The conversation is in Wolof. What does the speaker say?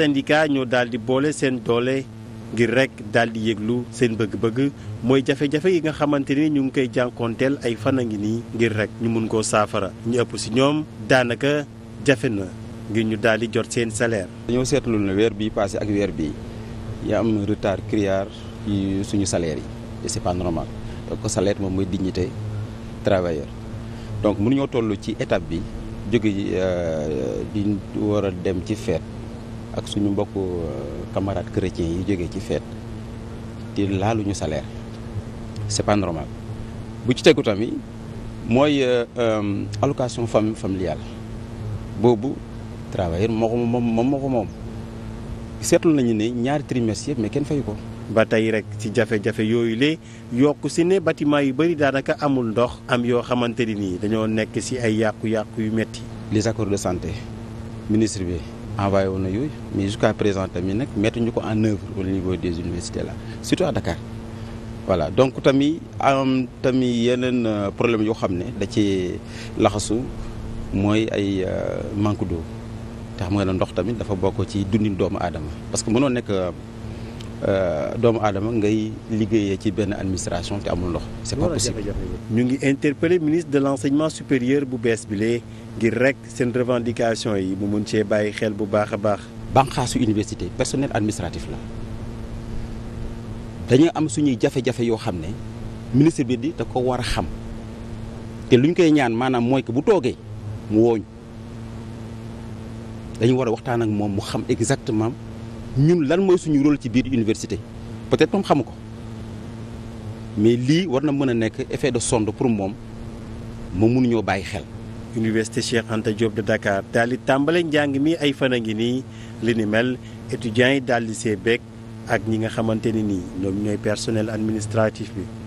syndicat ñoo daal di boole seen doole ngir rek daal di yëglu seen bëgg-bëgg mooy jafe-jafe yi nga xamante ni ñu ngi koy jànkoonteel ay fan a ngi nii ngir rek ñu mun koo saafara ñu ëpp si ñoom daanaka jafe na ngir ñu daal di jot seen salaire. dañoo seetlu ne weer bii passé ak weer bi ya am retard criard ci suñu salaire yi et c'est pas normal donc salaire moom mooy dignité travailleur donc mënuñoo toll ci étape bi jóge euh, di war dem ci feet ak suñu mbokku euh, camarades chrétiens yi jógee ci feet te laaluñu salaire c'est pas normal bu ci tegu tamit mooy euh, euh, allocation fam familiale boobu travailleur moo ko moom moom moom seetlu nañu ne ñaari trimestre yëpp mais kenn fayu ko. ba tey rek ci jafe-jafe yooyu la yokk si ne bâtiment yu bëri daanaka amul ndox am yoo xamante ni nii dañoo nekk si ay yàqu-yàqu yu metti les accords de santé ministre bi. envoyé woon na yooyu mais jusqu'à présent tamit nag mettre ñu ko en œuvre au niveau des universités là surtout à Dakar voilà donc tamit am tamit yeneen euh, problème yoo xam ne da ci laxasu mooy ay euh, manque d'eau te xam nga ne ndox tamit dafa bokk ci dundin doomu aadama parce que mënoo nekk euh, Euh, doomu aadama ngay liggéeyee ci benn administration te amul ndox c'est pas possible ñu ngi interpellé ministre de l'enseignement supérieur bu bees bi lee ngir rek seen revendication yi mu mun cee bàyyi xel bu baax a baax banqaasu université personnel administratif la dañu am suñuy jafe-jafe yoo xam ne ministre bi di da ko war a xam te lu ñu koy ñaan maanaam mooy que bu toogee mu wooñ dañu war a waxtaan ak moom mu xam exactement ñun lan mooy suñu rôle ci biir université peut-être moom xamu ko mais lii war na mën a nekk effet de sonde pour moom ma mun bàyyi xel. Université Cheikh Anta Diop de Dakar daal di tàmbale njàng mi ay fan a ngi nii li ni mel étudiants yi daal di see beeg ak ñi nga xamante ni nii ñoom ñooy personnel administratif bi.